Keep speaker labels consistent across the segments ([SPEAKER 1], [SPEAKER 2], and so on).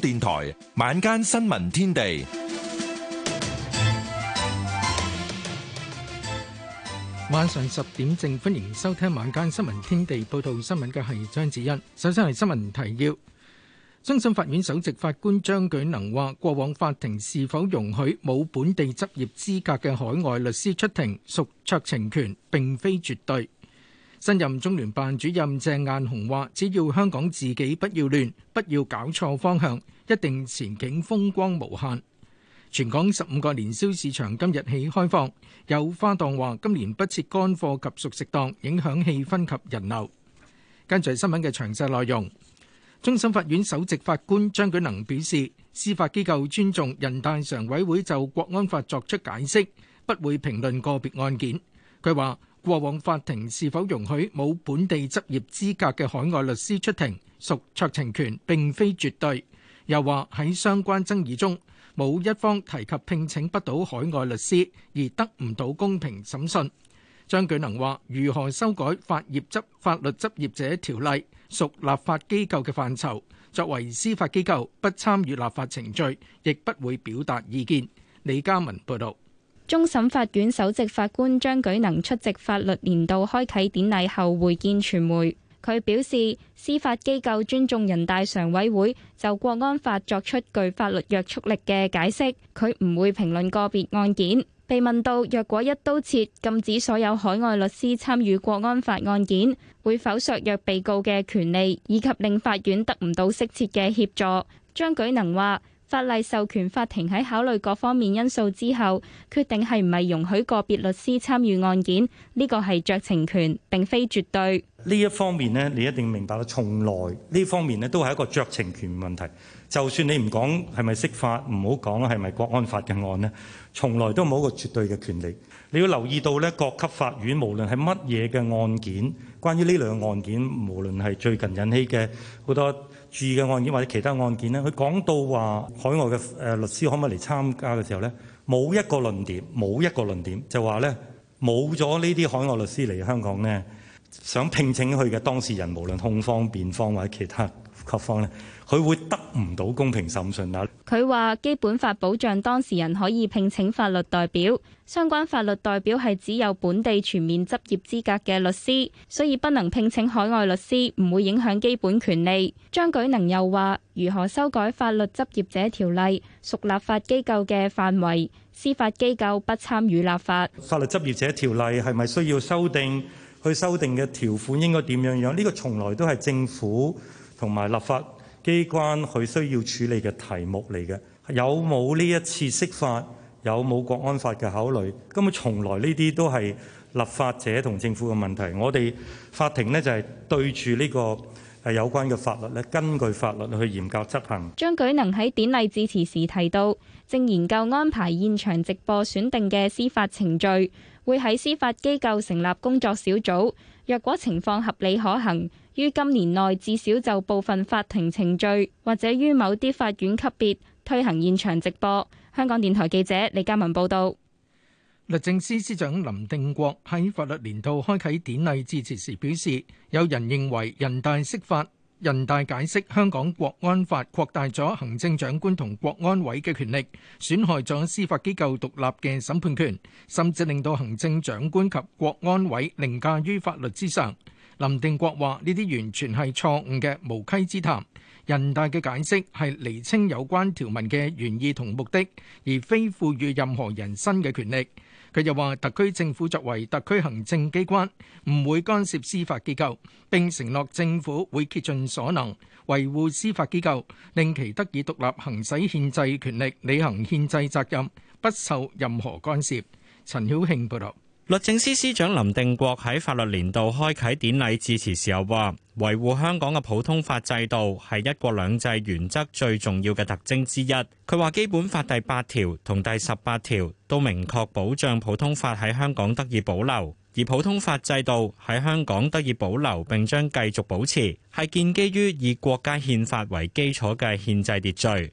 [SPEAKER 1] 電台晚間新聞天地，
[SPEAKER 2] 晚上十點正歡迎收聽晚間新聞天地。報道新聞嘅係張子欣。首先係新聞提要：終審法院首席法官張舉能話，過往法庭是否容許冇本地執業資格嘅海外律師出庭，屬酌情權，並非絕對。新任中聯辦主任鄭雁雄話：只要香港自己不要亂，不要搞錯方向，一定前景風光無限。全港十五個年宵市場今日起開放，有花檔話今年不設乾貨及熟食檔，影響氣氛及人流。跟住新聞嘅詳細內容，終審法院首席法官張舉能表示，司法機構尊重人大常委會就國安法作出解釋，不會評論個別案件。佢話：過往法庭是否容許冇本地執業資格嘅海外律師出庭，屬酌情權，並非絕對。又話喺相關爭議中，冇一方提及聘請不到海外律師而得唔到公平審訊。張舉能話：如何修改法業執法律執業者條例，屬立法機構嘅範疇，作為司法機構不參與立法程序，亦不會表達意見。李嘉文報道。
[SPEAKER 3] 終審法院首席法官張舉能出席法律年度開啟典禮後會見傳媒，佢表示司法機構尊重人大常委會就國安法作出具法律約束力嘅解釋，佢唔會評論個別案件。被問到若果一刀切禁止所有海外律師參與國安法案件，會否削弱被告嘅權利以及令法院得唔到適切嘅協助，張舉能話。法例授權法庭喺考慮各方面因素之後，決定係唔係容許個別律師參與案件，呢個係酌情權，並非絕對。
[SPEAKER 4] 呢一方面咧，你一定明白啦。從來呢方面咧，都係一個酌情權問題。就算你唔講係咪釋法，唔好講係咪國安法嘅案咧，從來都冇一個絕對嘅權利。你要留意到呢各級法院無論係乜嘢嘅案件，關於呢兩個案件，無論係最近引起嘅好多。注意嘅案件或者其他案件咧，佢講到話海外嘅誒律師可唔可以嚟參加嘅時候咧，冇一個論點，冇一個論點就話咧，冇咗呢啲海外律師嚟香港咧，想聘請佢嘅當事人，無論控方、辯方或者其他。佢會得唔到公平審訊。
[SPEAKER 3] 佢話基本法保障當事人可以聘請法律代表，相關法律代表係只有本地全面執業資格嘅律師，所以不能聘請海外律師，唔會影響基本權利。張舉能又話：如何修改法律執業者條例屬立法機構嘅範圍，司法機構不參與立法。
[SPEAKER 4] 法律執業者條例係咪需要修訂？去修訂嘅條款應該點樣樣？呢個從來都係政府。同埋立法機關佢需要處理嘅題目嚟嘅，有冇呢一次釋法，有冇國安法嘅考慮？根本，從來呢啲都係立法者同政府嘅問題。我哋法庭呢，就係對住呢個係有關嘅法律咧，根據法律去嚴格執行。
[SPEAKER 3] 張舉能喺典禮致辭時提到，正研究安排現場直播選定嘅司法程序，會喺司法機構成立工作小組，若果情況合理可行，於今年內至少就部分法庭程序，或者於某啲法院級別推行現場直播。香港電台記者李嘉文報道。
[SPEAKER 2] 律政司司長林定國喺法律年度開啟典禮致辭時表示，有人認為人大釋法、人大解釋《香港國安法》擴大咗行政長官同國安委嘅權力，損害咗司法機構獨立嘅審判權，甚至令到行政長官及國安委凌駕於法律之上。林定國話：呢啲完全係錯誤嘅無稽之談。人大嘅解釋係釐清有關條文嘅原意同目的，而非賦予任何人新嘅權力。佢又話：特區政府作為特區行政機關，唔會干涉司法機構，並承諾政府會竭盡所能維護司法機構，令其得以獨立行使憲制權力、履行憲制責任，不受任何干涉。陳曉慶報道。
[SPEAKER 1] 律政司司長林定國喺法律年度開啟典禮致辭時候話，維護香港嘅普通法制度係一國兩制原則最重要嘅特徵之一。佢話《基本法》第八條同第十八條都明確保障普通法喺香港得以保留，而普通法制度喺香港得以保留並將繼續保持，係建基於以國家憲法為基礎嘅憲制秩序。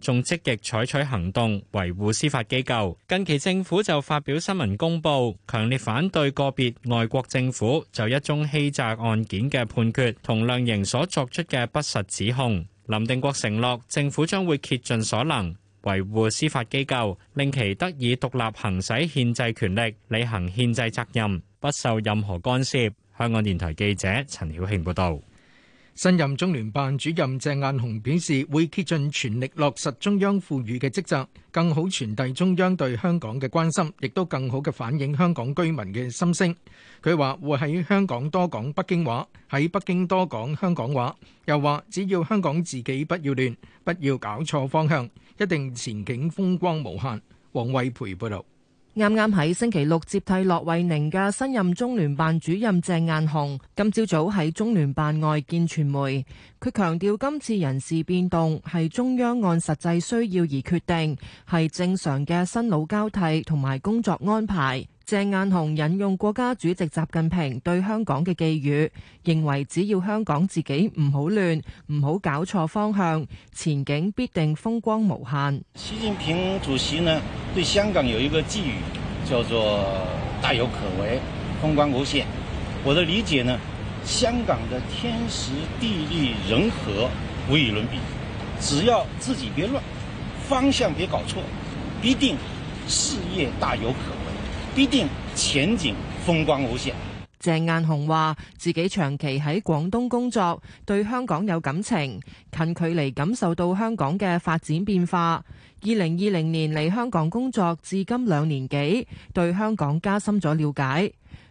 [SPEAKER 1] 仲積極採取行動維護司法機構。近期政府就發表新聞公佈，強烈反對個別外國政府就一宗欺詐案件嘅判決同量刑所作出嘅不實指控。林定國承諾，政府將會竭盡所能維護司法機構，令其得以獨立行使憲制權力、履行憲制責任，不受任何干涉。香港電台記者陳曉慶報道。新任中
[SPEAKER 2] 聯辦主任鄭雁雄表示，會竭盡全力落實中央賦予嘅職責，更好傳遞中央對香港嘅關心，亦都更好嘅反映香港居民嘅心聲。佢話會喺香港多講北京話，喺北京多講香港話。又話只要香港自己不要亂，不要搞錯方向，一定前景風光無限。王衛培報道。
[SPEAKER 5] 啱啱喺星期六接替駱惠寧嘅新任中聯辦主任鄭雁雄，今朝早喺中聯辦外見傳媒，佢強調今次人事變動係中央按實際需要而決定，係正常嘅新老交替同埋工作安排。鄭雁雄引用國家主席習近平對香港嘅寄語，認為只要香港自己唔好亂，唔好搞錯方向，前景必定風光無限。
[SPEAKER 4] 習近平主席呢對香港有一個寄語，叫做大有可為，風光無限。我的理解呢，香港的天時地利人和無與倫比，只要自己別亂，方向別搞錯，一定事業大有可。必定前景風光無限。
[SPEAKER 5] 鄭雁雄話自己長期喺廣東工作，對香港有感情，近距離感受到香港嘅發展變化。二零二零年嚟香港工作，至今兩年幾，對香港加深咗了解。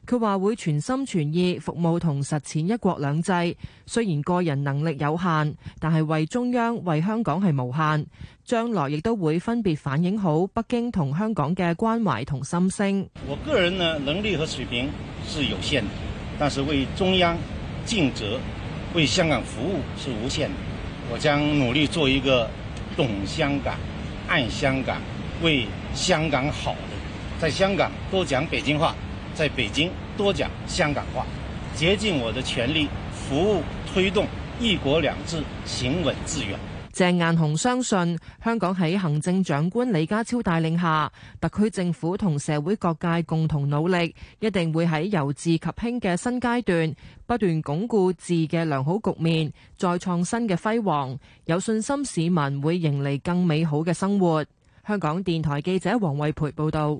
[SPEAKER 5] 佢話會全心全意服務同實踐一國兩制。雖然個人能力有限，但係為中央、為香港係無限。將來亦都會分別反映好北京同香港嘅關懷同心聲。
[SPEAKER 4] 我個人呢能力和水平是有限，但是為中央盡責、為香港服務是無限。我將努力做一個懂香港、愛香港、為香港好的，在香港多講北京話，在北京多講香港話，竭盡我的全力服務推動一國兩制行穩致遠。
[SPEAKER 5] 鄭雁雄相信香港喺行政長官李家超帶領下，特區政府同社會各界共同努力，一定會喺由治及興嘅新階段，不斷鞏固治嘅良好局面，再創新嘅輝煌。有信心市民會迎嚟更美好嘅生活。香港電台記者黃慧培報道。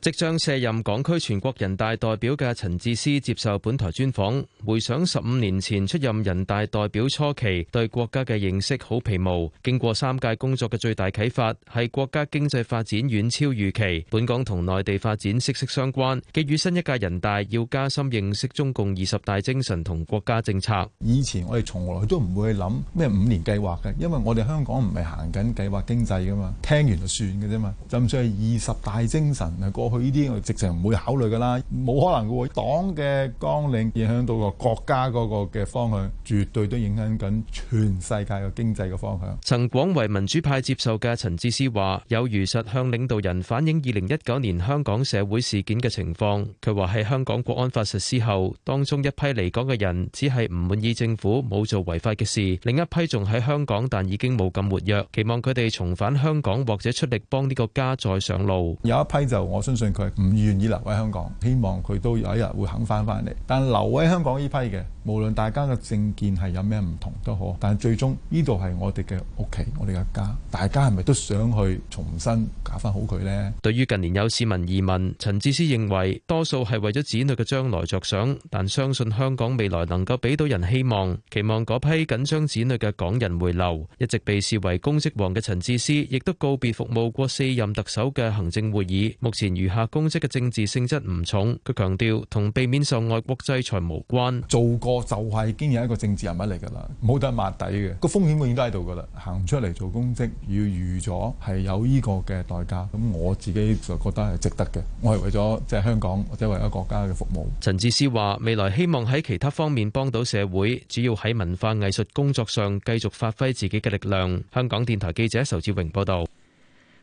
[SPEAKER 6] 即將卸任港區全國人大代表嘅陳智思接受本台專訪，回想十五年前出任人大代表初期對國家嘅認識好皮毛，經過三屆工作嘅最大啟發係國家經濟發展遠超預期，本港同內地發展息息相關。寄予新一屆人大要加深認識中共二十大精神同國
[SPEAKER 7] 家政策。以前我哋從來都唔會去諗咩五年計劃嘅，因為我哋香港唔係行緊計劃經濟噶嘛，聽完就算嘅啫嘛，就算係二十大精神係佢呢啲我直情唔會考慮噶啦，冇可能嘅喎。黨嘅綱領影響到個國家嗰個嘅方向，絕對都影響緊全世界嘅經濟嘅方向。陳廣為
[SPEAKER 6] 民主派接受嘅陳智思話：有如實向領導人反映二零一九年香港社會事件嘅情況。佢話喺香港國安法實施後，當中一批離港嘅人只係唔滿意政府冇做違法嘅事，另一批仲喺香港但已經冇咁活躍，期望佢哋重返香港或者出力幫呢個家再上路。有
[SPEAKER 7] 一批就我相信。相信佢唔願意留喺香港，希望佢都有一日會肯返返嚟。但留喺香港呢批嘅。無論大家嘅政見係有咩唔同都好，但最終呢度係我哋嘅屋企，我哋嘅家，大家係咪都想去重新搞翻好佢呢？
[SPEAKER 6] 對於近年有市民移民，陳智思認為多數係為咗子女嘅將來着想，但相信香港未來能夠俾到人希望，期望嗰批緊張子女嘅港人回流。一直被視為公職王嘅陳智思亦都告別服務過四任特首嘅行政會議。目前餘下公職嘅政治性質唔重，佢強調同避免受外國制裁無關。做我就
[SPEAKER 7] 係經已一個政治人物嚟㗎啦，冇得抹底嘅，個風險永遠都喺度㗎啦，行出嚟做公職要預咗係有呢個嘅代價，咁我自己就覺得係值得嘅，我係為咗即係香港或者為咗國家嘅服務。
[SPEAKER 6] 陳智思話：未來希望喺其他方面幫到社會，主要喺文化藝術工作上繼續發揮自己嘅力量。香港電台記者仇志榮報導。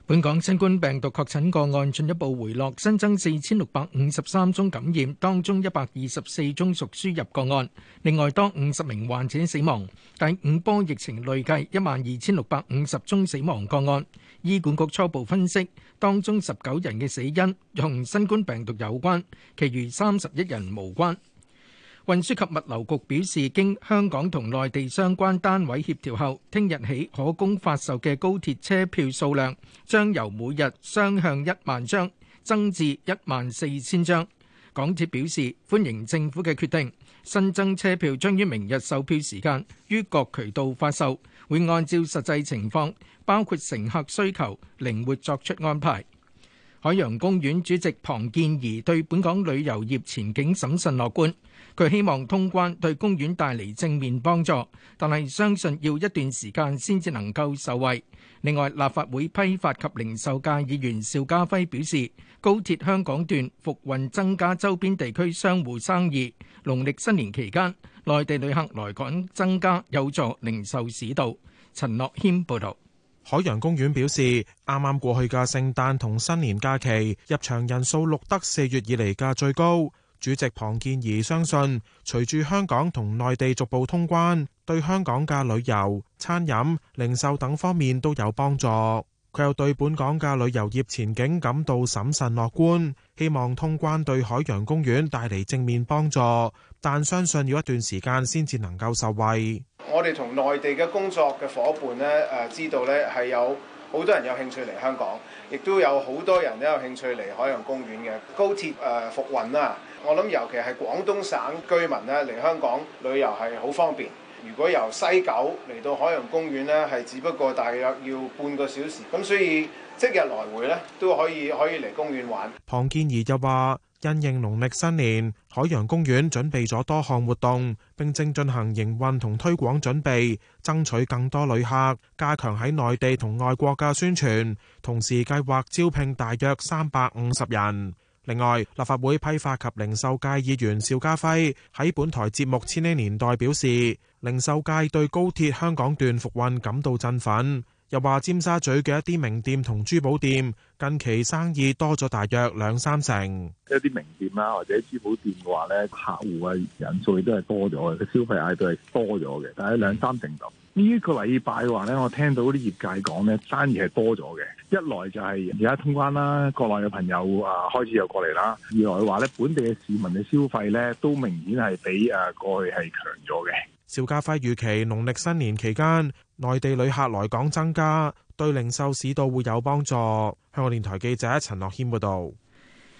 [SPEAKER 2] 本港新冠病毒確診個案進一步回落，新增四千六百五十三宗感染，當中一百二十四宗屬輸入個案。另外多五十名患者死亡，第五波疫情累計一萬二千六百五十宗死亡個案。醫管局初步分析，當中十九人嘅死因同新冠病毒有關，其餘三十一人無關。運輸及物流局表示，經香港同內地相關單位協調後，聽日起可供發售嘅高鐵車票數量將由每日雙向一萬張增至一萬四千張。港鐵表示歡迎政府嘅決定，新增車票將於明日售票時間於各渠道發售，會按照實際情況，包括乘客需求，靈活作出安排。海洋公園主席龐建貽對本港旅遊業前景審慎樂觀。佢希望通關對公園帶嚟正面幫助，但係相信要一段時間先至能夠受惠。另外，立法會批發及零售界議員邵家輝表示，高鐵香港段復運增加周邊地區商戶生意。農曆新年期間，內
[SPEAKER 8] 地旅客來港增加，有助零售市道。陳樂謙報導。海洋公園表示，啱啱過去嘅聖誕同新年假期，入場人數錄得四月以嚟嘅最高。主席龐建儀相信，隨住香港同內地逐步通關，對香港嘅旅遊、餐飲、零售等方面都有幫助。佢又對本港嘅旅遊業前景感到審慎樂觀，希望通關對海洋公園帶嚟正面幫助，但相信要一段時間先至能夠受惠。我哋同內地嘅工作嘅夥伴咧誒，知道咧係有好多人有興趣嚟香港，亦都有好多人都有興趣嚟海洋公園嘅高鐵誒復運啦。我諗尤其係廣東省居民呢，嚟香港旅遊係好方便。如果由西九嚟到海洋公園呢，係只不過大約要半個小時。咁所以即日來回呢，都可以可以嚟公園玩。龐建儀又話，因應農曆新年，海洋公園準備咗多項活動，並正進行營運同推廣準備，爭取更多旅客，加強喺內地同外國嘅宣傳。同時計劃招聘大約三百五十人。另外，立法會批發及零售界議員邵家輝喺本台節目《千禧年代》表示，零售界對高鐵香港段復運感到振奮，又話尖沙咀嘅一啲名店同珠寶店近期生意多咗大約兩三成。
[SPEAKER 7] 一啲名店呀，或者珠寶店嘅話呢，客戶嘅人數都係多咗嘅，消費額都係多咗嘅，但係兩三成咁。呢個禮拜嘅話呢，我聽到啲業界講呢，生意係多咗嘅，一來就係而家通關啦，國內嘅朋友啊開始又過嚟啦；二來話呢，本地嘅市民嘅消費呢，都明顯係比誒過去係強咗嘅。
[SPEAKER 8] 邵家輝預期，農曆新年期間，內地旅客來港增加，對零售市道會有幫助。香港電台記者陳樂軒報道。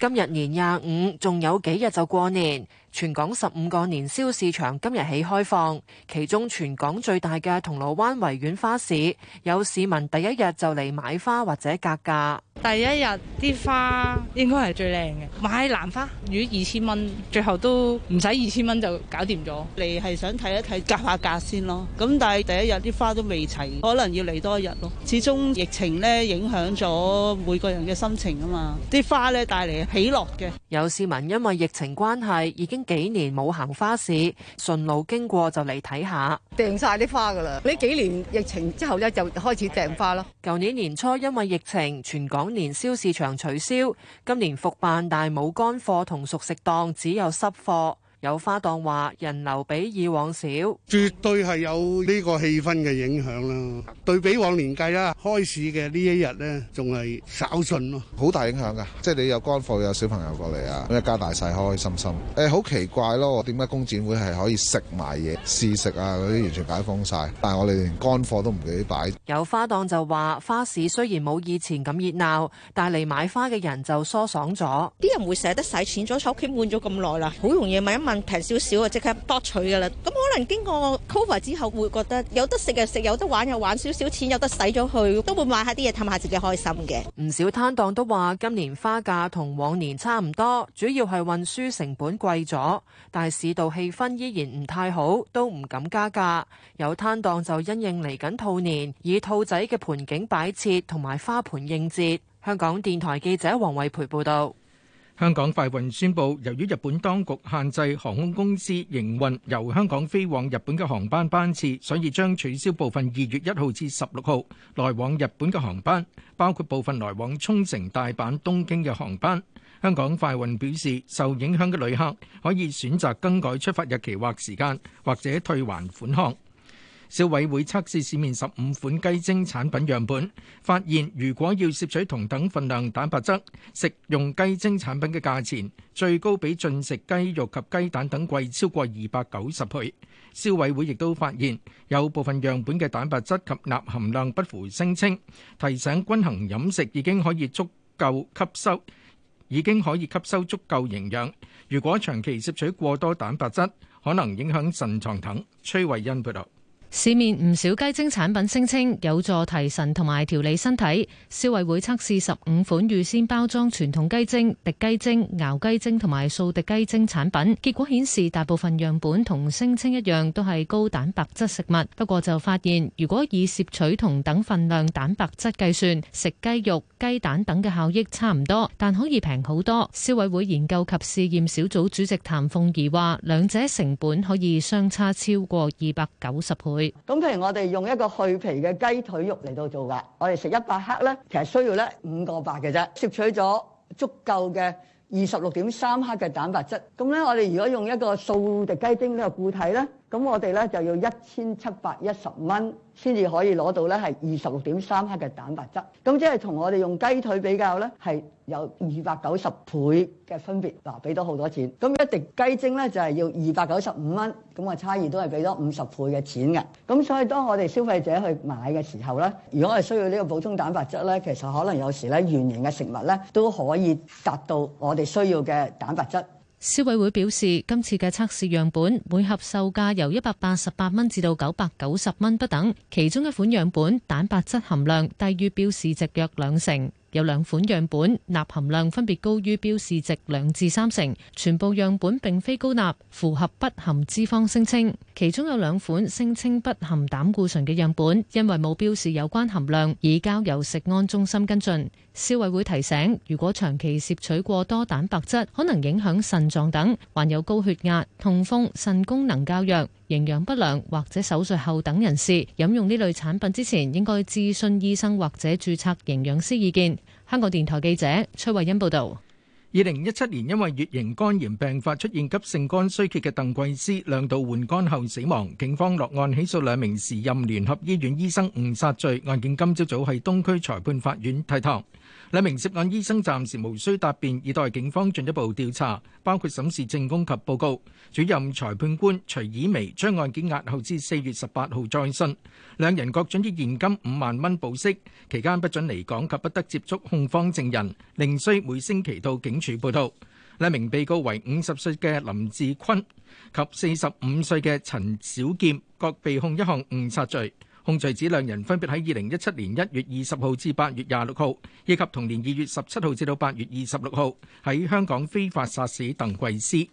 [SPEAKER 5] 今日年廿五，仲有幾日就過年。全港十五個年宵市場今日起開放，其中全港最大嘅銅鑼灣維園花市，有市民第一日就嚟買花或者格價。第一日啲花應該係最靚嘅，買蘭花，預二千蚊，最後都唔使二千蚊就搞掂咗。嚟係想睇一睇，夾下價先咯。咁但係第一日啲花都未齊，可能要嚟多一日咯。始終疫情咧影響咗每個人嘅心情啊嘛，啲花咧帶嚟喜樂嘅。有市民因為疫情關係，已經幾年冇行花市，順路經過就嚟睇下。訂晒啲花㗎啦！呢幾年疫情之後咧，就開始訂花咯。舊年年初因為疫情，全港年宵市場取消，今年復辦，但冇乾貨同熟食檔，只有濕貨。有花檔話人流比以往
[SPEAKER 1] 少。絕對係有呢個氣氛嘅影響啦。對比往年計啦，開始嘅呢一日咧，仲係稍順咯，好大影響噶。
[SPEAKER 8] 即係你有乾貨，有小朋友過嚟啊，咁一家大細開開心心。誒，好奇怪咯，點解工展會係可以食埋嘢試食啊嗰啲，完全解封晒，但係我哋連乾貨都唔記得擺。
[SPEAKER 5] 有花檔就話花市雖然冇以前咁熱鬧，但嚟買花嘅人就疏爽咗。啲人會捨得使錢咗，喺屋企悶咗咁耐啦，好容易買一買。平少少啊，即刻博取噶啦。咁可能
[SPEAKER 9] 經過 cover 之後，會覺得有得食又食，有得玩又玩，少少錢有得使咗去，都會
[SPEAKER 5] 買下啲嘢，氹下自己開心嘅。唔少攤檔都話，今年花價同往年差唔多，主要係運輸成本貴咗，但係市道氣氛依然唔太好，都唔敢加價。有攤檔就因應嚟緊兔年，以兔仔嘅盆景擺設同埋花盆應節。香港電台記者黃慧培報導。香港
[SPEAKER 2] 快運宣布，由於日本當局限制航空公司營運由香港飛往日本嘅航班班次，所以將取消部分二月一號至十六號來往日本嘅航班，包括部分來往沖繩、大阪、東京嘅航班。香港快運表示，受影響嘅旅客可以選擇更改出發日期或時間，或者退還款項。消委會測試市面十五款雞精產品樣本，發現如果要攝取同等分量蛋白質，食用雞精產品嘅價錢最高比進食雞肉及雞蛋等貴超過二百九十倍。消委會亦都發現有部分樣本嘅蛋白質及鈉含量不符聲稱，提醒均衡飲食已經可以足夠吸收，已經可以吸收足夠營養。如果長期攝取過多蛋白質，可能影響腎臟等。崔慧欣報道。
[SPEAKER 10] 市面唔少雞精產品聲稱有助提神同埋調理身體，消委會測試十五款預先包裝傳統雞精、滴雞精、熬雞精同埋素滴雞精產品，結果顯示大部分樣本同聲稱一樣都係高蛋白質食物。不過就發現，如果以攝取同等份量蛋白質計算，食雞肉、雞蛋等嘅效益差唔多，但可以平好多。消委會研究及試驗小組主席譚鳳儀話，兩者成本可以相差超過二百九十倍。
[SPEAKER 1] 咁譬如我哋用一個去皮嘅雞腿肉嚟到做嘅，我哋食一百克咧，其實需要咧五個白嘅啫，攝取咗足夠嘅二十六點三克嘅蛋白質。咁咧，我哋如果用一個素嘅雞丁呢個固體咧，咁我哋咧就要一千七百一十蚊，先至可以攞到呢係二十六點三克嘅蛋白質。咁即係同我哋用雞腿比較呢，係有二百九十倍嘅分別，嗱，俾多好多錢。咁一滴雞精呢，就係要二百九十五蚊，咁啊差異都係俾多五十倍嘅錢嘅。咁所以當我哋消費者去買嘅時候呢，如果係需要呢個補充蛋白質呢，其實可能有時呢，原型嘅食物呢都可以達到我哋需要嘅蛋白質。
[SPEAKER 10] 消委會表示，今次嘅測試樣本每盒售價由一百八十八蚊至到九百九十蚊不等，其中一款樣本蛋白質含量低於標示值約兩成。有兩款樣本鈉含量分別高於標示值兩至三成，全部樣本並非高鈉，符合不含脂肪聲稱。其中有兩款聲稱不含膽固醇嘅樣本，因為冇標示有關含量，已交由食安中心跟進。消委會提醒，如果長期攝取過多蛋白質，可能影響腎臟等，患有高血壓、痛風、腎功能較弱、營養不良或者手術後等人士飲用呢類產品之前，應該諮詢醫生或者註冊營養師意見。香港電台記者崔慧欣報道。二零一七年，
[SPEAKER 2] 因為乙型肝炎病發出現急性肝衰竭嘅鄧桂詩，兩度換肝後死亡。警方落案起訴兩名時任聯合醫院醫生誤殺罪案件，今朝早喺東區裁判法院提堂。兩名涉案醫生暫時無需答辯，以待警方進一步調查，包括審視證供及報告。主任裁判官徐綺薇將案件押後至四月十八號再訊。兩人各准予現金五萬蚊保釋，期間不准離港及不得接觸控方證人，另須每星期到警署報到。兩名被告為五十歲嘅林志坤及四十五歲嘅陳小健，各被控一項誤殺罪。控罪指兩人分別喺二零一七年一月二十號至八月廿六號，以及同年二月十七號至到八月二十六號喺香港非法殺死鄧桂斯。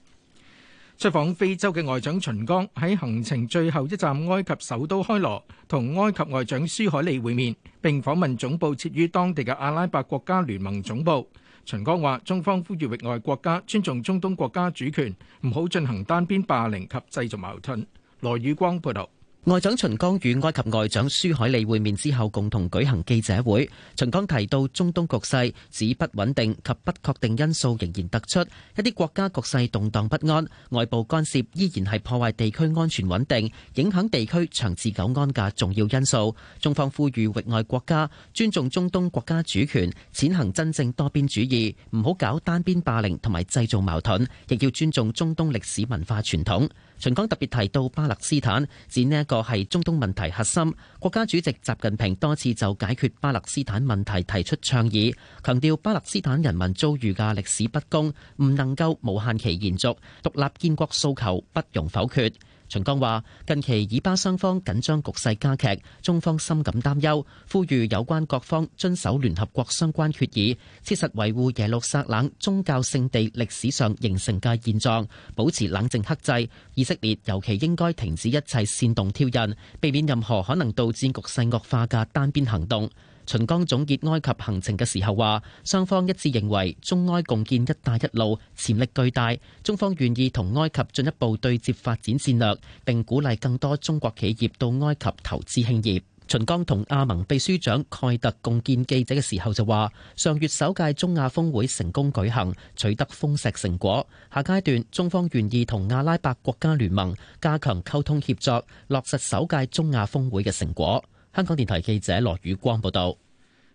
[SPEAKER 2] 出訪非洲嘅外長秦剛喺行程最後一站埃及首都開羅，同埃及外長舒海利會面，並訪問總部設於當地嘅阿拉伯國家聯盟總部。秦剛話：中方呼籲域外國家尊重中東國家主權，唔好進行單邊霸凌及製造矛盾。羅宇
[SPEAKER 11] 光報導。外長秦剛與埃及外長舒海利會面之後，共同舉行記者會。秦剛提到，中東局勢指不穩定及不確定因素仍然突出，一啲國家局勢動盪不安，外部干涉依然係破壞地區安全穩定、影響地區長治久安嘅重要因素。中方呼籲域外國家尊重中東國家主權，踐行真正多邊主義，唔好搞單邊霸凌同埋製造矛盾，亦要尊重中東歷史文化傳統。秦剛特別提到巴勒斯坦，指呢一個係中東問題核心。國家主席習近平多次就解決巴勒斯坦問題提出倡議，強調巴勒斯坦人民遭遇嘅歷史不公唔能夠無限期延續，獨立建國訴求不容否決。秦剛話：近期以巴雙方緊張局勢加劇，中方深感擔憂，呼籲有關各方遵守聯合國相關決議，切實維護耶路撒冷宗教聖地歷史上形成嘅現狀，保持冷靜克制。以色列尤其應該停止一切煽動挑釁，避免任何可能導致局勢惡化嘅單邊行動。秦剛總結埃及行程嘅時候話，雙方一致認為中埃共建“一帶一路”潛力巨大，中方願意同埃及進一步對接發展戰略，並鼓勵更多中國企業到埃及投資興業。秦剛同阿盟秘書長蓋特共建記者嘅時候就話，上月首屆中亞峰會成功舉行，取得豐碩成果。下階段，中方願意同阿拉伯國家聯盟加強溝通協作，落實首屆中亞峰會嘅成果。香港電台記者羅宇光報道：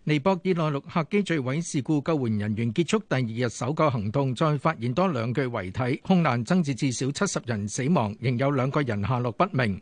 [SPEAKER 2] 尼泊爾內陸客機墜毀事故救援人員結束第二日搜救行動，再發現多兩具遺體，空難增至至少七十人死亡，仍有兩個人下落不明。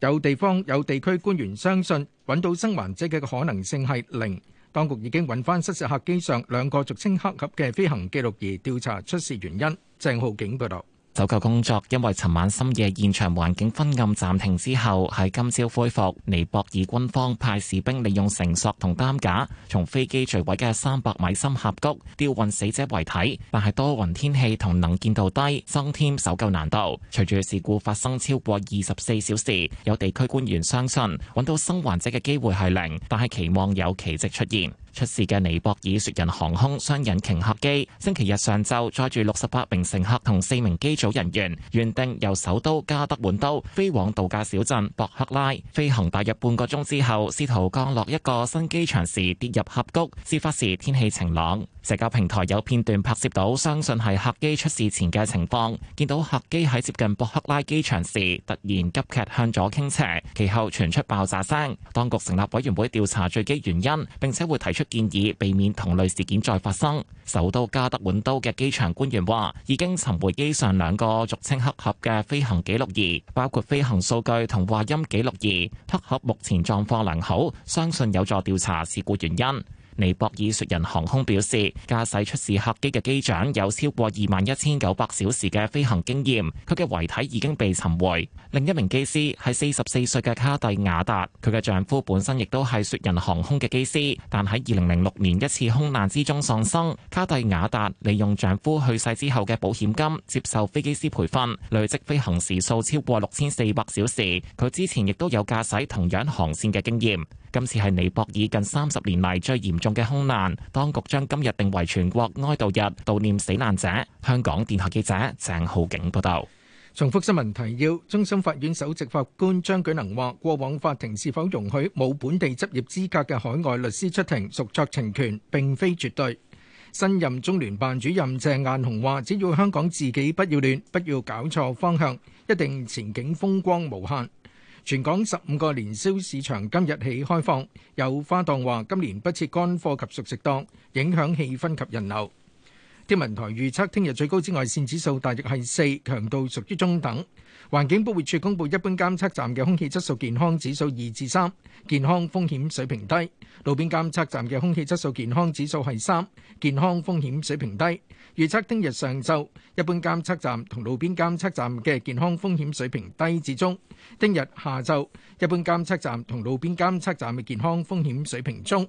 [SPEAKER 2] 有地方有地區官員相信揾到生還者嘅可能性係零。當局已經揾翻失事客機上兩個俗稱黑盒嘅飛行記錄儀，調查出事原因。鄭浩景報道。
[SPEAKER 12] 搜救工作因為尋晚深夜現場環境昏暗暫停之後，喺今朝恢復。尼泊爾軍方派士兵利用繩索同擔架從飛機墜毀嘅三百米深峽谷吊運死者遺體，但係多雲天氣同能見度低，增添搜救難度。隨住事故發生超過二十四小時，有地區官員相信揾到生還者嘅機會係零，但係期望有奇跡出現。出事嘅尼泊爾雪人航空雙引擎客機，星期日上晝載住六十八名乘客同四名機組人員，原定由首都加德滿都飛往度假小鎮博克拉。飛行大約半個鐘之後，試圖降落一個新機場時跌入峽谷。事發時天氣晴朗。社交平台有片段拍攝到，相信係客機出事前嘅情況，見到客機喺接近博克拉機場時突然急劇向左傾斜，其後傳出爆炸聲。當局成立委員會調查墜機原因，並且會提出建議，避免同類事件再發生。首都加德滿都嘅機場官員話，已經尋回機上兩個俗稱黑盒嘅飛行記錄儀，包括飛行數據同話音記錄儀。黑盒目前狀況良好，相信有助調查事故原因。尼泊爾雪人航空表示，駕駛出事客機嘅機長有超過二萬一千九百小時嘅飛行經驗，佢嘅遺體已經被尋回。另一名機師係四十四歲嘅卡蒂亞達，佢嘅丈夫本身亦都係雪人航空嘅機師，但喺二零零六年一次空難之中喪生。卡蒂亞達利用丈夫去世之後嘅保險金接受飛機師培訓，累積飛行時數超過六千四百小時，佢之前亦都有駕駛同樣航線嘅經驗。今次係尼泊爾近三十年嚟最嚴重嘅空難，當局將今日定為全國哀悼日，悼念死難者。香港電台記者鄭浩景報道。
[SPEAKER 2] 重複新聞提要：中心法院首席法官張舉能話，過往法庭是否容許冇本地執業資格嘅海外律師出庭，屬酌情權，並非絕對。新任中聯辦主任鄭雁雄話，只要香港自己不要亂，不要搞錯方向，一定前景風光無限。全港十五個年宵市場今日起開放，有花檔話今年不設乾貨及熟食檔，影響氣氛及人流。天文台預測聽日最高紫外線指數大約係四，強度屬於中等。環境保護署公布一般監測站嘅空氣質素健康指數二至三，健康風險水平低；路邊監測站嘅空氣質素健康指數係三，健康風險水平低。預測聽日上晝，一般監測站同路邊監測站嘅健康風險水平低至中；聽日下晝，一般監測站同路邊監測站嘅健康風險水平中。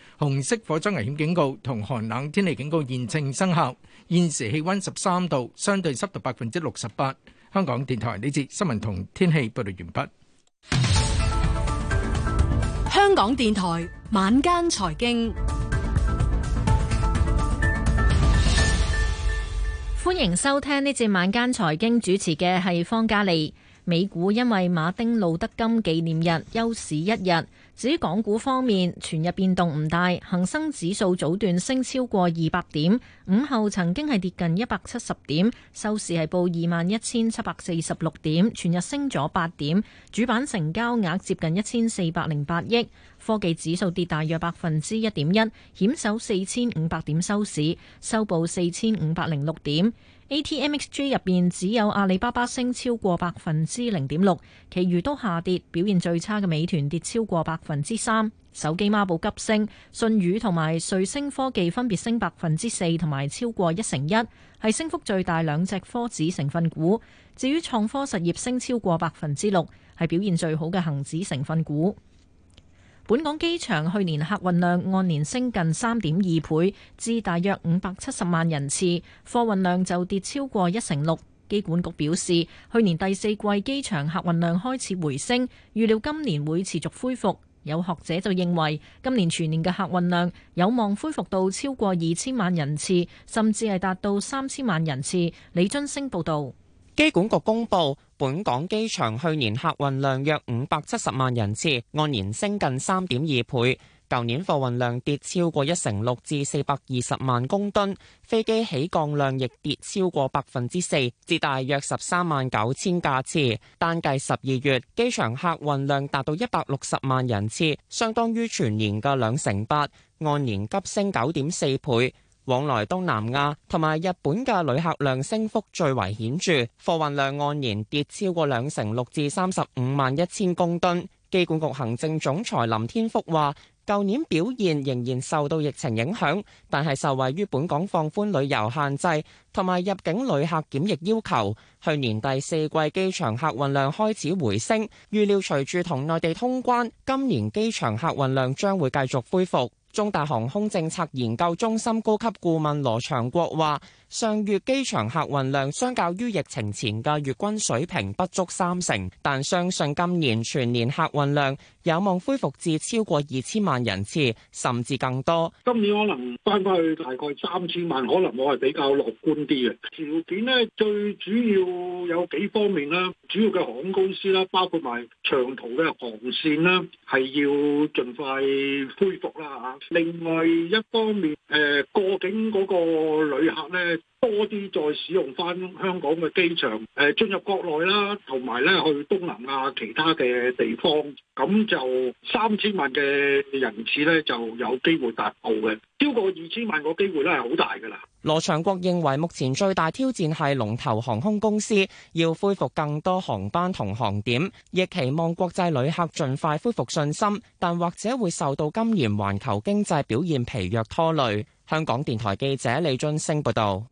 [SPEAKER 2] 紅色火災危險警告同寒冷天氣警告現正生效。現時氣温十三度，相對濕度百分之六十八。香港電台呢節新聞同天氣報道完畢。
[SPEAKER 13] 香港電台晚間財經，
[SPEAKER 9] 歡迎收聽呢節晚間財經，主持嘅係方嘉利。美股因為馬丁路德金紀念日休市一日。至於港股方面，全日變動唔大，恒生指數早段升超過二百點，午後曾經係跌近一百七十點，收市係報二萬一千七百四十六點，全日升咗八點，主板成交額接近一千四百零八億。科技指數跌大約百分之一點一，險守四千五百點收市，收報四千五百零六點。ATMXJ 入面只有阿里巴巴升超過百分之零點六，其餘都下跌。表現最差嘅美團跌超過百分之三。手機孖寶急升，信宇同埋瑞星科技分別升百分之四同埋超過一成一，係升幅最大兩隻科指成分股。至於創科實業升超過百分之六，係表現最好嘅恒指成分股。本港機場去年客運量按年升近三點二倍，至大約五百七十萬人次，貨運量就跌超過一成六。機管局表示，去年第四季機場客運量開始回升，預料今年會持續恢復。有學者就認為，今年全年嘅客運量有望恢復到超過二千萬人次，甚至係達到三千萬人次。李津星報道。
[SPEAKER 14] 機管局公布，本港機場去年客運量約五百七十萬人次，按年升近三點二倍。舊年貨運量跌超過一成六，至四百二十萬公噸。飛機起降量亦跌超過百分之四，至大約十三萬九千架次。單計十二月，機場客運量達到一百六十萬人次，相當於全年嘅兩成八，按年急升九點四倍。往來東南亞同埋日本嘅旅客量升幅最為顯著，貨運量按年跌超過兩成六至三十五萬一千公噸。機管局行政總裁林天福話，舊年表現仍然受到疫情影響，但係受惠於本港放寬旅遊限制同埋入境旅客檢疫要求，去年第四季機場客運量開始回升。預料隨住同內地通關，今年機場客運量將會繼續恢復。中大航空政策研究中心高級顧問羅祥國話。上月機場客運量相較於疫情前嘅月均水平不足三成，但相信今年全年客運量有望恢復至超過二千萬人次，甚至更多。
[SPEAKER 2] 今年可能翻返去大概三
[SPEAKER 1] 千萬，可能我係比較樂觀啲嘅
[SPEAKER 2] 條件咧，最主要有幾方面啦，主要嘅航空公司啦，包括埋長途嘅航線啦，係要盡快恢復啦吓，另外一方面，誒過境嗰
[SPEAKER 1] 個旅客咧。多啲再使用返香港嘅機場，誒進入國內啦，同埋咧去東南亞其他嘅地方，咁就三千萬嘅人次咧就有機會達到嘅，超過二千萬個機會都係好
[SPEAKER 2] 大
[SPEAKER 14] 㗎喇。羅祥國認為目前最大挑戰係龍頭航空公司要恢復更多航班同航點，亦期望國際旅客盡快恢復信心，但或者會受到今年環球經濟表現疲弱拖累。香港電台記者李俊升報道，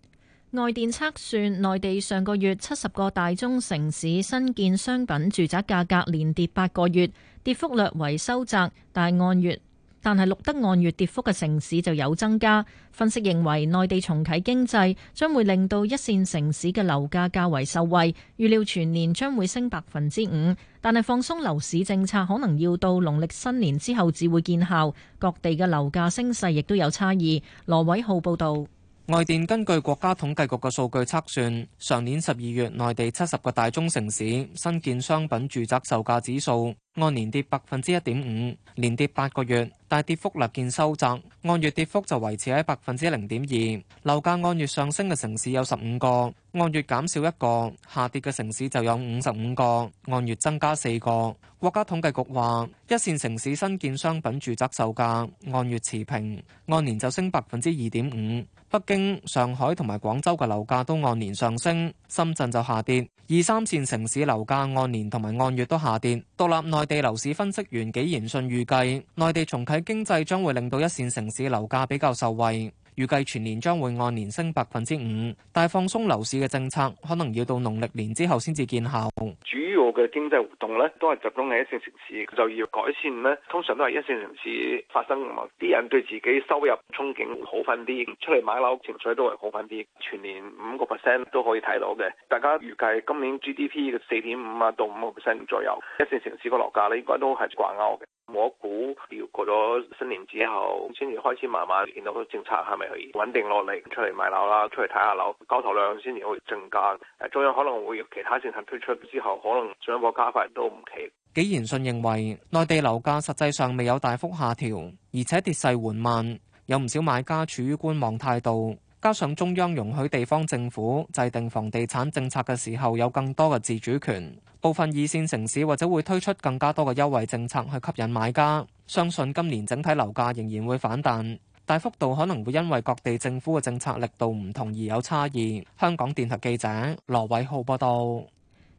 [SPEAKER 9] 外電測算，內地上個月七十個大中城市新建商品住宅價格連跌八個月，跌幅略為收窄，但按月。但係錄得按月跌幅嘅城市就有增加。分析認為，內地重啟經濟將會令到一線城市嘅樓價較為受惠，預料全年將會升百分之五。但係放鬆樓市政策可能要到農曆新年之後至會見效。各地嘅樓價升勢亦都有差異。羅偉浩報導。
[SPEAKER 15] 外電根據國家統計局嘅數據測算，上年十二月內地七十個大中城市新建商品住宅售價指數。按年跌百分之一點五，連跌八個月，大跌幅略見收窄，按月跌幅就維持喺百分之零點二。樓價按月上升嘅城市有十五個，按月減少一個，下跌嘅城市就有五十五個，按月增加四個。國家統計局話，一線城市新建商品住宅售價按月持平，按年就升百分之二點五。北京、上海同埋廣州嘅樓價都按年上升，深圳就下跌。二三線城市樓價按年同埋按月都下跌，獨立內。地樓市分析員紀賢信預計，內地重啟經濟將會令到一線城市樓價比較受惠。預計全年將會按年升百分之五，但放鬆樓市嘅政策可能要到農曆年之後先至見效。
[SPEAKER 4] 主要嘅經濟活動咧都係集中喺一線城市，就要改善咧。通常都係一線城市發生，啲人對自己收入憧憬好返啲，出嚟買樓情緒都係好返啲。全年五個 percent 都可以睇到嘅。大家預計今年 GDP 嘅四點五啊到五個 percent 左右，一線城市個樓價咧應該都係掛鈎嘅。我估要過咗新年之後先至開始慢慢見到個政策係咪。是穩定落嚟，出嚟買樓啦，出嚟睇下樓，交投量先至會增加。中央可能會有其他政策推出之後，可能進一步加快都唔奇。
[SPEAKER 15] 紀賢信認為，內地樓價實際上未有大幅下調，而且跌勢緩慢，有唔少買家處於觀望態度。加上中央容許地方政府制定房地產政策嘅時候有更多嘅自主權，部分二線城市或者會推出更加多嘅優惠政策去吸引買家。相信今年整體樓價仍然會反彈。大幅度可能會因為各地政府嘅政策力度唔同而有差異。香港電台記者羅偉浩報道。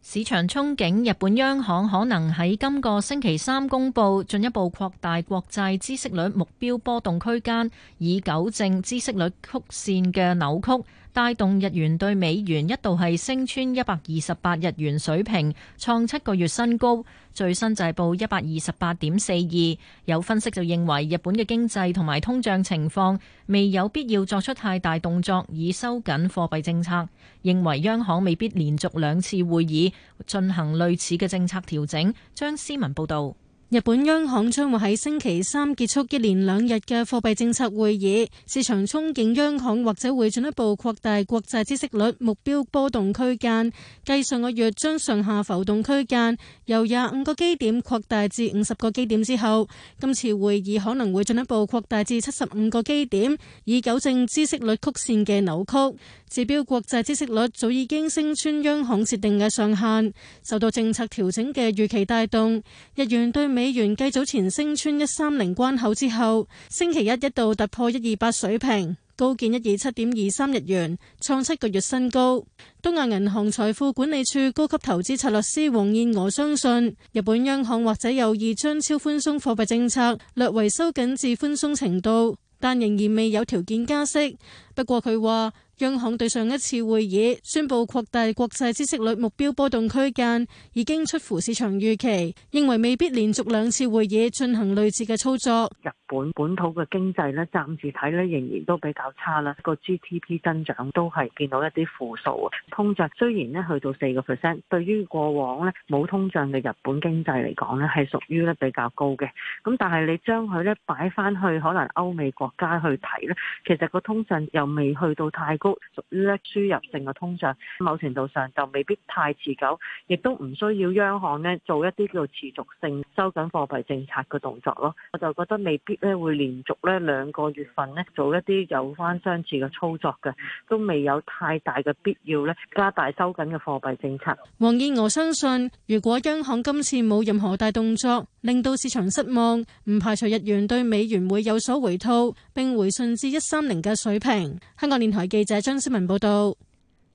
[SPEAKER 9] 市場憧憬，日本央行可能喺今個星期三公布進一步擴大國債孳息率目標波動區間，以糾正孳息率曲綫嘅扭曲。帶動日元對美元一度係升穿一百二十八日元水平，創七個月新高。最新製報一百二十八點四二。有分析就認為日本嘅經濟同埋通脹情況未有必要作出太大動作以收緊貨幣政策，認為央行未必連續兩次會議進行類似嘅政策調整。張思文報導。
[SPEAKER 13] 日本央行將會喺星期三結束一連兩日嘅貨幣政策會議，市場憧憬央行或者會進一步擴大國債孳息率目標波動區間。繼上個月將上下浮動區間由廿五個基點擴大至五十個基點之後，今次會議可能會進一步擴大至七十五個基點，以糾正孳息率曲線嘅扭曲。指標國債息率早已經升穿央行設定嘅上限，受到政策調整嘅預期帶動，日元對美元繼早前升穿一三零關口之後，星期一一度突破一二八水平，高見一二七點二三日元，創七個月新高。東亞銀行財富管理處高級投資策略師王燕娥相信，日本央行或者有意將超寬鬆貨幣政策略為收緊至寬鬆程度，但仍然未有條件加息。不過，佢話。央行對上一次會議宣布擴大國債孳息率目標波動區間，已經出乎市場預期，認為未必連續兩次會議進行類
[SPEAKER 5] 似嘅操作。日本本土嘅經濟咧，暫時睇咧仍然都比較差啦，個 GDP 增長都係見到一啲負數。通脹雖然咧去到四個 percent，對於過往咧冇通脹嘅日本經濟嚟講咧，係屬於咧比較高嘅。咁但係你將佢咧擺翻去可能歐美國家去睇咧，其實個通脹又未去到太高。屬於叻輸入性嘅通脹，某程度上就未必太持久，亦都唔需要央行咧做一啲叫持續性收緊貨幣政策嘅動作咯。我就覺得未必咧會連續咧兩個月份咧做一啲有翻相似嘅操作嘅，都未有太大嘅必要咧加大收緊嘅貨幣政策。
[SPEAKER 13] 黃燕娥相信，如果央行今次冇任何大動作，令到市場失望，唔排除日元對美元會有所回吐，並回信至一三零嘅水平。香港電台記者張思文報導，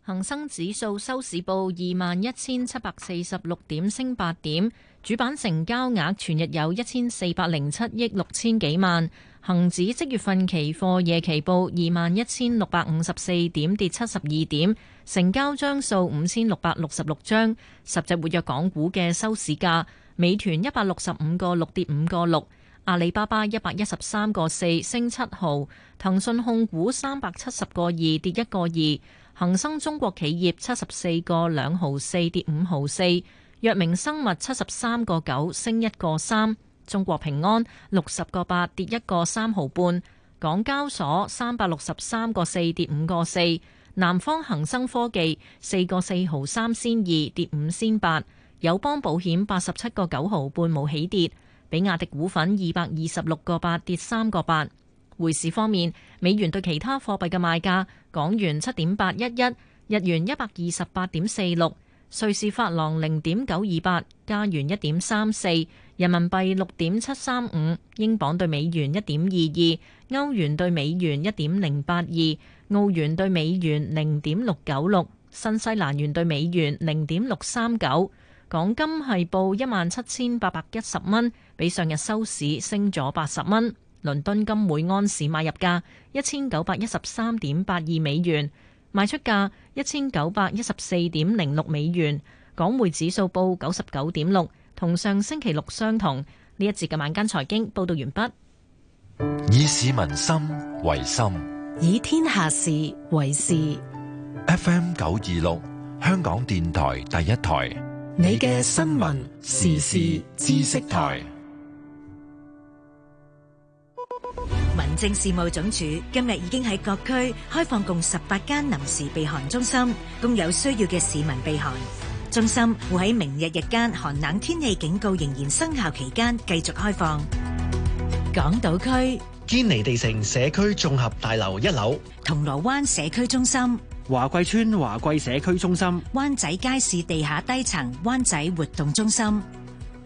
[SPEAKER 13] 恒生指
[SPEAKER 9] 數收市報二萬一千七百四十六點，升八點。主板成交額全日有一千四百零七億六千幾萬。恒指即月份期貨夜期報二萬一千六百五十四點，跌七十二點，成交張數五千六百六十六張。十隻活躍港股嘅收市價。美團一百六十五個六跌五個六，阿里巴巴一百一十三個四升七毫，騰訊控股三百七十個二跌一個二，恒生中國企業七十四個兩毫四跌五毫四，藥明生物七十三個九升一個三，中國平安六十個八跌一個三毫半，港交所三百六十三個四跌五個四，南方恒生科技四個四毫三先二跌五先八。友邦保險八十七個九毫半冇起跌，比亞迪股份二百二十六個八跌三個八。匯市方面，美元對其他貨幣嘅賣價：港元七點八一一，日元一百二十八點四六，瑞士法郎零點九二八，加元一點三四，人民幣六點七三五，英鎊對美元一點二二，歐元對美元一點零八二，澳元對美元零點六九六，新西蘭元對美元零點六三九。港金係報一萬七千八百一十蚊，比上日收市升咗八十蚊。倫敦金每安士買入價一千九百一十三點八二美元，賣出價一千九百一十四點零六美元。港匯指數報九十九點六，同上星期六相同。呢一節嘅晚間財經報道完畢。
[SPEAKER 15] 以市民心為心，以
[SPEAKER 9] 天下事
[SPEAKER 8] 為事。
[SPEAKER 1] FM 九二六，香港電台第一台。
[SPEAKER 8] 你嘅新聞時事知識台，
[SPEAKER 16] 民政事務總署今日已經喺各區開放共十八間臨時避寒中心，供有需要嘅市民避寒。中心會喺明日日間寒冷天氣警告仍然生效期間繼續開放。港島區堅尼地城社區綜合大樓一樓，銅鑼灣社區中心、。華貴村華貴社區中心、灣仔街市地下低層灣仔活動中心、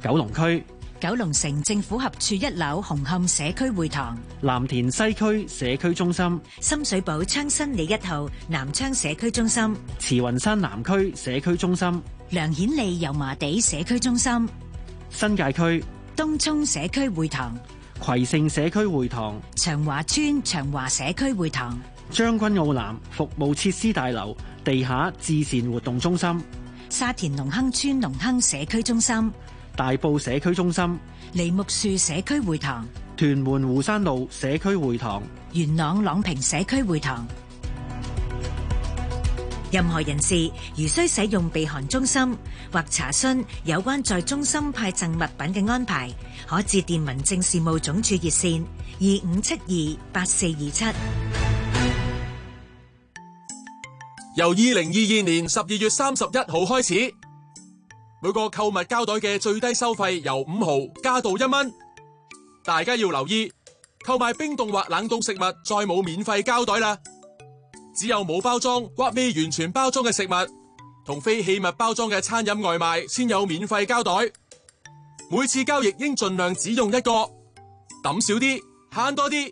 [SPEAKER 16] 九龍區、九龍城政府合署一樓紅磡社區會堂、藍田西區社區中心、深水埗昌新里一號南昌社區中心、慈雲山南區社區中心、梁顯利油麻地社區中心、新界區東涌社區會堂、葵盛社區會堂、長華村長華社區會堂。將軍澳南服務設施大樓地下至善活動中心、沙田隆亨村隆亨社區中心、大埔社區中心、梨木樹社區會
[SPEAKER 1] 堂、屯門湖山路社區會堂、
[SPEAKER 16] 元朗朗平社區會堂。任何人士如需使用避寒中心或查詢有關在中心派贈物品嘅安排，可致電民政事務總署熱線二五七二八四二七。
[SPEAKER 8] 由2022年12月31號開始，每個購物膠袋嘅最低收費由5毫加到1蚊。大家要留意，購買冰凍或冷凍食物再冇免費膠袋啦。只有冇包裝，或未完全包裝嘅食物，同非器物包裝嘅餐飲外賣先有免費膠袋。每次交易應盡量只用一個，抌少啲，慳多啲，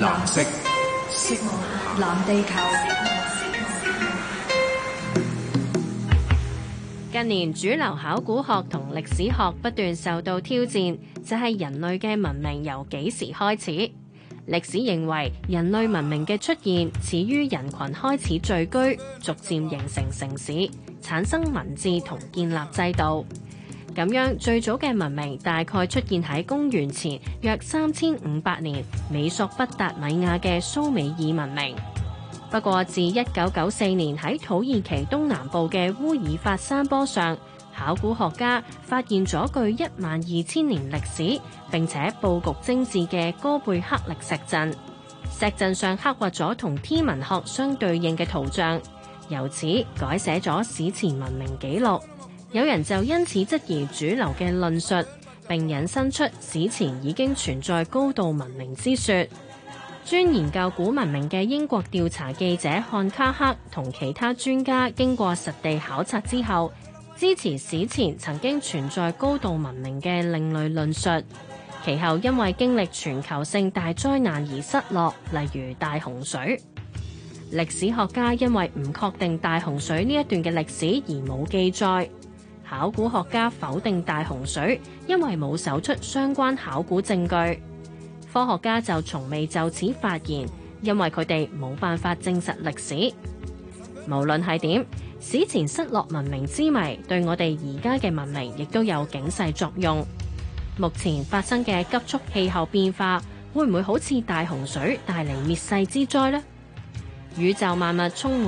[SPEAKER 8] 藍
[SPEAKER 16] 色
[SPEAKER 17] 藍地球。近年主流考古學同歷史學不斷受到挑戰，就係、是、人類嘅文明由幾時開始？歷史認為人類文明嘅出現始於人群開始聚居，逐漸形成城市，產生文字同建立制度。咁樣最早嘅文明大概出現喺公元前約三千五百年，美索不達米亞嘅蘇美爾文明。不過，自一九九四年喺土耳其東南部嘅烏爾法山坡上，考古學家發現咗具一萬二千年歷史並且佈局精緻嘅哥貝克力石陣。石陣上刻畫咗同天文學相對應嘅圖像，由此改寫咗史前文明記錄。有人就因此質疑主流嘅論述，並引申出史前已經存在高度文明之說。專研究古文明嘅英國調查記者漢卡克同其他專家經過實地考察之後，支持史前曾經存在高度文明嘅另類論述。其後因為經歷全球性大災難而失落，例如大洪水。歷史學家因為唔確定大洪水呢一段嘅歷史而冇記載。考古學家否定大洪水，因為冇搜出相關考古證據。科學家就從未就此發現，因為佢哋冇辦法證實歷史。無論係點，史前失落文明之謎對我哋而家嘅文明亦都有警示作用。目前發生嘅急速氣候變化，會唔會好似大洪水帶嚟滅世之災呢？宇宙萬物充滿。